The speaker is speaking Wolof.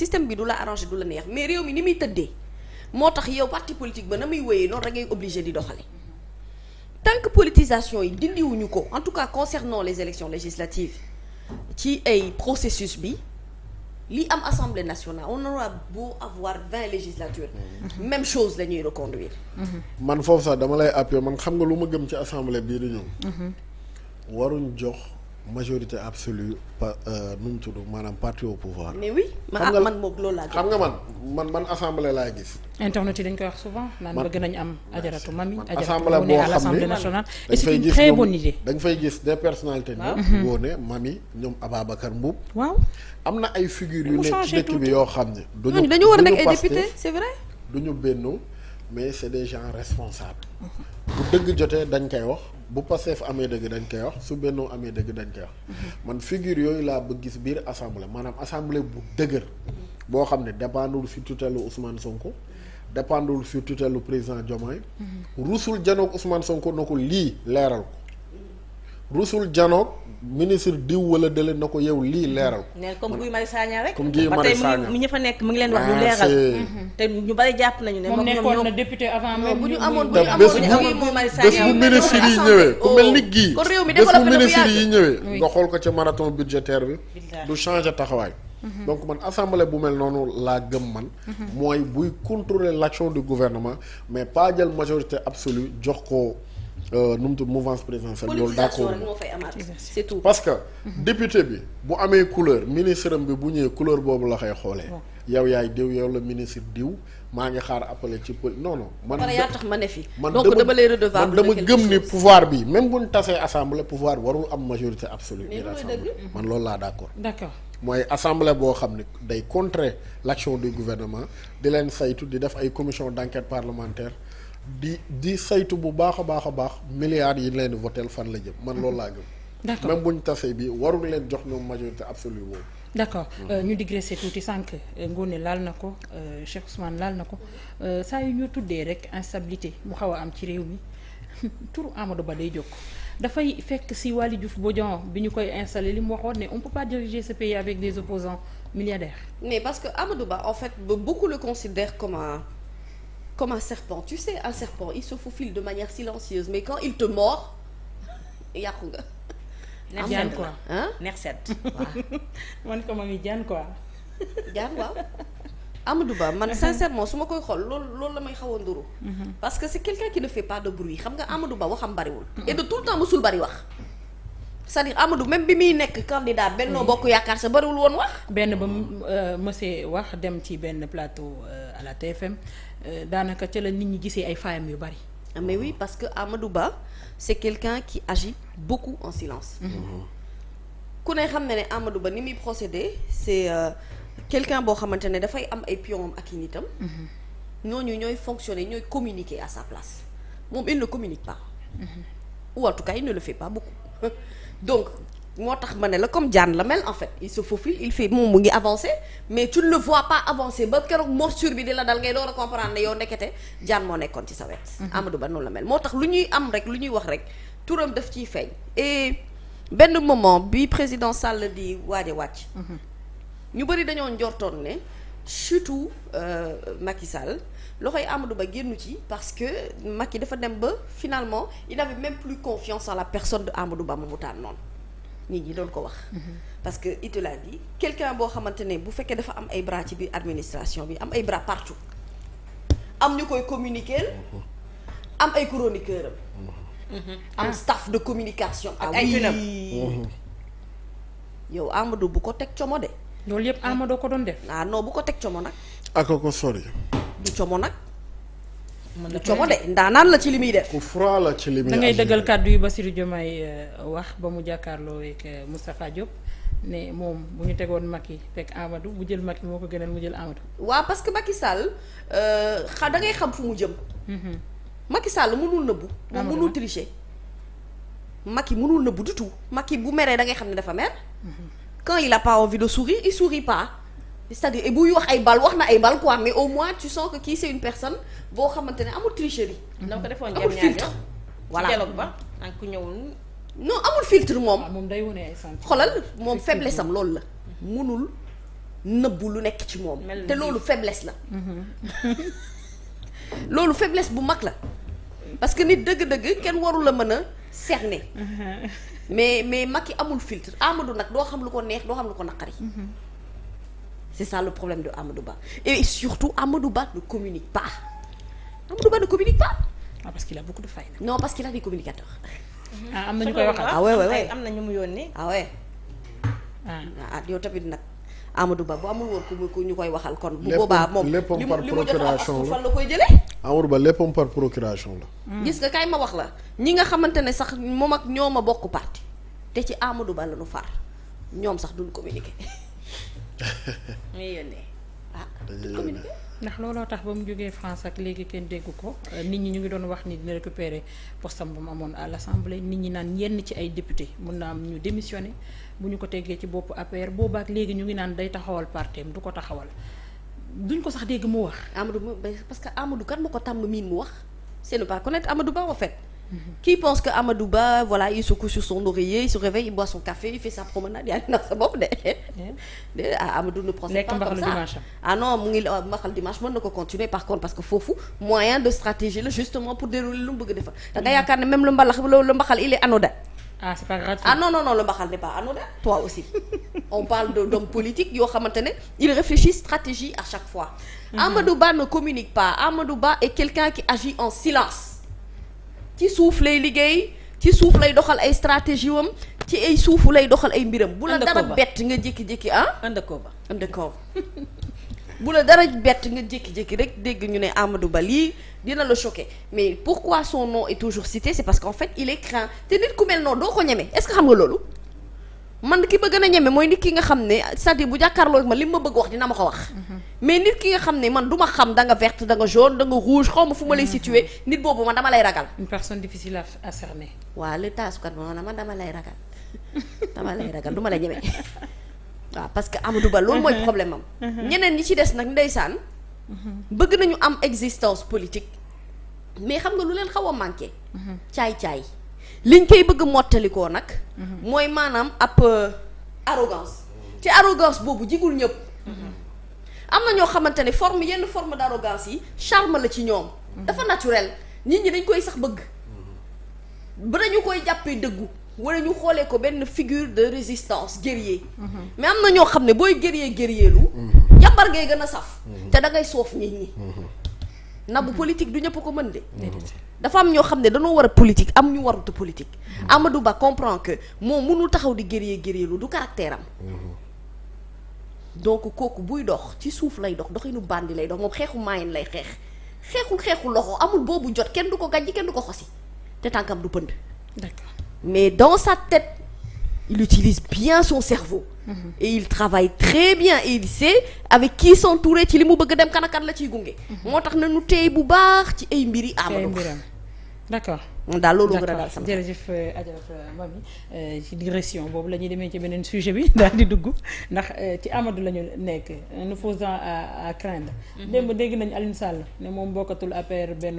système bi du la arrangé du la neex mais réew mi ni muy tëddee moo tax yow parti politique ba na muy wéyee noonu rek ngay obligé di doxale tant que politisation yi dindiwuñu ko en tout cas concernant les élections législatives ci ay processus bi li am assemblée nationale on aura beau avoir vingt législatures mhm. même chose la ñuy reconduire mhm. man foofu sax dama lay appuyer man xam nga lu ma gëm ci assemblée bii di mhm. waruñ jox majorité absolue pa euh, nu mu tudd maanaam parti au pouvoir. mais oui ah, man man moom xam nga man man man assemblée laay gis. internet yi dañ koy wax souvent. naan bëgg nañu am ajaratu mami. assemblée boo xam ne à l'assemblée nationale. dañ fay gis très bonne idée. dañ fay gis des mami ñoom Ababacar Mboub. waaw am na ay figures yu nekk ci bi yoo xam ne. duñu duñu dañu war a nekk ay député c'est vrai. duñu benn. mais c'est des gens responsables bu dëgg jotee dañ koy wax bu fu amee dëgg dañ koy wax su Benno amee dëgg dañ koy wax man figure yooyu laa bëgg gis biir assemblée maanaam assemblée bu dëgër boo xam ne dépendul si tutelle Ousmane Sonko dépendul si tutelle président Diomaye mhm. rusul janoog Ousmane Sonko na ko lii leeral ko rusul janoog ministre diw wala délai na ko yow lii leeral ko. neel comme Guy Marius Sagna rek. comme Guy Marius Sagna ba tey ñi fa nekk mu ngi leen wax ñu leeral. Mhm. Mhm. te ñu bari jàpp nañu ne. moom nekkoon na député avant mais bu ñu amoon bu ñu amoon bu bu ministre yi ñëwee ku mel ni oh. gii. kon réew mi développé ministre yi ñëwee. nga xool ko ca marathon budgétaire bi. du changer taxawaay. Mhm. donc man assemblée bu mel noonu laa gëm man. mooy buy contrôler l'action du gouvernement mais pas jël majorité absolue jox ko. Euh, nu mu tudd mouvance présidentielle loolu d'accord parce que mhm. député bi bu amee couleur ministre am bi bu ñëwee couleur boobu la koy xoolee yow yaay diw yow la ministre diw maa ngi xaar appelé ci pël non man ma ne fi man donc dama lay redevable dama gëm ni pouvoir bi même bu ñu tasee assemblée pouvoir warul am majorité absolue biir assemblée man loolu laa d'accord d'accord mooy assemble boo xam ne day contrer l'action du gouvernement di leen saytu di def ay commission d'enquête parlementaire di di saytu bu baax a baax a baax milliards yi leen votel fan la jëm man loolu laa gëm. d'accord même bu ñu tasee bi warul leen jox ñoom majorité absolue boobu. d'accord mm. euh, ñu digressé tuuti sànq euh, Ngoné laal na ko euh, Cheikh Ousmane laal na ko saa yu ñu tuddee rek instabilité mu xaw am ci réew mi turu Amadou Ba day jóg. dafay fekk si Waly Diouf Bodian bi ñu koy installé li mu waxoon ne on peut pas diriger ce pays avec des opposants milliardaires. mais parce que Amadou Ba en fait beaucoup le considèrent comme un. comme un serpent tu sais un serpent il se faufile de manière silencieuse mais quand il te mord yàqu nga. am na ko mami jaan quoi. jaan waaw. Amadou Ba man sincèrement su ma koy xool loolu loolu la may xaw a nduru mhm. parce que c'est quelqu'un qui ne fait pas de bruit xam nga Amadou Ba waxam bariwul. et de tout le temps musul bari wax. c'est-à-dire Amadou même bi muy nekk candidat Benno Bokk Yaakaar sa bariwul woon wax. benn ba euh, monsieur wax dem ci benn plateau euh, à la TFM euh, daanaka cëla la nit ñi gisee ay faayam yu bari. Ah, mais oui parce que Amadou Ba c'est quelqu'un qui agit bokku en silence. Mhm. ku ne xam ne ne Amadou Ba ni muy procéder c'est euh, quelqu'un boo xamante ne dafay am ay pions ak i nitam. Mhm. ñooñu ñooy fonctionner ñooy communiquer à sa place moom il ne communique pas. Mm ne le fait pas beaucoup. donc moo tax ma ne la comme Diane la mel en fait il se faufile il fait moom mu ngi avancé mais tu ne le vois pas avancer ba keroog morsure bi di la dal ngay door a comprendre ne yow ndekete Diane moo nekkoon ci sa wet. Mhm. Amadou Ba noonu la mel moo tax lu ñuy am rek lu ñuy wax rek turam daf ciy feeñ. et benn moment bi président Sall di waaj a wàcc. Mhm. ñu bëri dañoo njortoon ne. surtout euh, Macky Sall yi Amadou Ba génnu ci parce que Macky dafa dem ba finalement il n'avait même plus confiance en la personne de Amadou Ba mu tànn noonu nit ñi doon ko wax. Mhm. parce que il te l'a boo xamante ne bu fekkee dafa am ay bras ci biir administration bi am ay bras partout am ñu koy communiquer mhm. am ay chroniqueur am. Mhm. am ah. staff de communication. ak ay yow Amadou bu ko teg como de. loolu yëpp Amadou ko doon def. ah bu ko teg como nag. ak ah, ko sori. du como nag. mën na como de ndaanaan la ci li muy def. ku froid la ci li muy da ngay dëggal kàddu yu Bassirou Diomaye euh, wax ba mu jàkkaarloo ak euh, Moustapha Diop ne moom bu ñu tegoon Macky teg Amadou bu jël makki moo ko gënal mu jël Amadou. waa parce que Macky Sall euh, xa da ngay xam fu mu jëm. Mm-hmm. Macky sàll mënul nëbbu. moom mënul tricher. Macky mënul nëbbu du tout Macky bu meree da ngay xam ne dafa mer. Mm-hmm. quand il a pas envie de sourire il sourit pas dire buy wax ay bal wax na ay bal quoi mais au moins tu sens kii une personne boo xamante ne amul tricherie. donc mhm. defoon amul filtre. voilà ci dialogue ba ak ku ñëwul. non amul filtre moom. Ah, moom day wane ay sant. moom faiblesse am loolu la. munul nëbbu lu nekk ci moom. te loolu faiblesse la. Mhm. loolu faiblesse bu mag la. parce que nit dëgg-dëgg kenn warul la mën a. cerné. Mhm. mais mais Macky amul filtre Amadou nag doo xam lu ko neex doo xam lu ko naqari. Mhm. c'est ça le problème de Amadou Ba et surtout Amadou Ba ne communique pas Amadou Ba ne communique pas. Ah, parce qu'il a beaucoup de failles. non parce qu'il a des communicateurs. ah am na ñu koy waxal ah oui am na ñu mu yoon ah oui. Ah. ah yow tamit nag Amadou Ba bu amul woon ku ñu koy waxal kon. bu boobaa moom li mu li mu jot a wax fan la koy jële Amadou Ba léppam par procuration la. Mm. gis nga kay ma wax la ñi nga xamante ne sax moom ak ñoo ma bokk parti te ci Amadou Ba la ñu far ñoom sax duñ communiqué. muy yónnee ah duñ communiqué. ndax looloo tax ba mu jógee France ak léegi kenn déggu ko euh, nit ñi ñu ngi doon wax ni dina récupérer postam ba mu amoon à l'Assemblée nit ñi naan yenn ci ay député mun na am ñu démissionné bu ñu ko teggee ci bopp APR boobaak léegi ñu ngi naan day taxawal partem du ko taxawal duñ ko sax dégg mu wax. Amadou Ba parce que Amadou kan ma ko tàmm miin mu wax c'est ne pas connaître Amadou Ba en fait. Mhm. qui pense que Amadou Ba voilà il se couche sur son oreiller il se réveille il boit son café il fait sa promenade yaa ngi sa bopp de. de ah, Amadou ne procède pas comme ça ah mu ngi euh, mbaxal dimanche mën na ko continuer par contre parce que foofu moyen de stratégie la justement pour dérouler lu mu bëgg a defar. Mhm. da yaakaar ne même lu mbalax lu mbaxal il ah c'est pas gratuit ah non non non le mbaxal n'est pas aussi on parle de d'hommes politiques yoo xamante ne il réfléchit stratégie à chaque fois mm -hmm. Amadou Ba ne communique pas Amadou Ba est quelqu'un qui agit en silence ci suuf lay liggéey ci suuf lay doxal ay stratégie wam ci ay suufu lay doxal ay mbiram bu la dara bett nga jékki-jékki ah undercover bu la dara bett nga jékki-jékki rek dégg ñu ne Amadou Ba lii dina la choqué mais pour pourquoi son nom est toujours cité c'est parce qu'en fait il est craint te nit ku mel noonu doo ko ñeme est-ce que xam nga loolu man ki bëgg na a ñeme mooy nit ki nga xam ne c'est-à-dire bu ma li ma bëgg wax dina ma wax mm-hmm. mais nit ki nga xam ne man du ma xam danga nga verte da jaune da nga rouge xaw ma fu ma lay mm-hmm. situé nit boobu man dama lay ragal une personne difficile à cerner waaw li taasukat ma man dama lay ragal dama lay ragal du ma lay ñeme waaw parce que Amadou Ba loolu mooy mhm. problème am. Mhm. ñeneen ñi ci des nag ndeysaan. Mhm. bëgg nañu am existence politique mais xam nga lu leen xaw a manqué. caay caay liñ koy bëgg mottalikoo nag. mooy maanaam ab euh, arrogance. ci arrogance boobu jigul ñëpp. am na ñoo xamante ne forme yenn forme d' arrogance yi charme la ci ñoom. dafa naturel nit ñi dañ koy sax bëgg. ba dañu koy jàppee dëggu. wala ñu xoolee ko benn figure de résistance guerrier mais am na ñoo xam ne booy guerrier guerrier lu yàmbar ngay gën a saf te da soof nit ñi na bu politique du ñëpp ko mën de dafa am ñoo xam ne dañoo war a politique am ñu warutu politique Amadou Ba comprend que moom mënul taxaw di guerrier guerrier lu du caractère am donc kooku buy dox ci suuf lay dox doxinu bandi lay dox moom xeexu mayin lay xeex xeexul xeexul loxo amul boobu jot kenn du ko gàjj kenn du ko xosi te tànkam du pënd mais dans sa tête il utilise bien son cerveau mhm. et il travaille très bien et il sait avec qui s'entourer ci li mu bëgg dem kan la ciy gunge mhm. moo tax nañu tey bu baax ci ay mbiri Amadou d'accord daal loolu gën a daal sama jërëjëf euh, Adjaratou euh, Mamy euh, ci digression boobu la ñuy demee ci beneen sujet bi daal di dugg ndax ci Amadou la nekk nous faisons a à craindre mhm. démb dégg nañu Alioune Sall ne moom bokkatul APR benn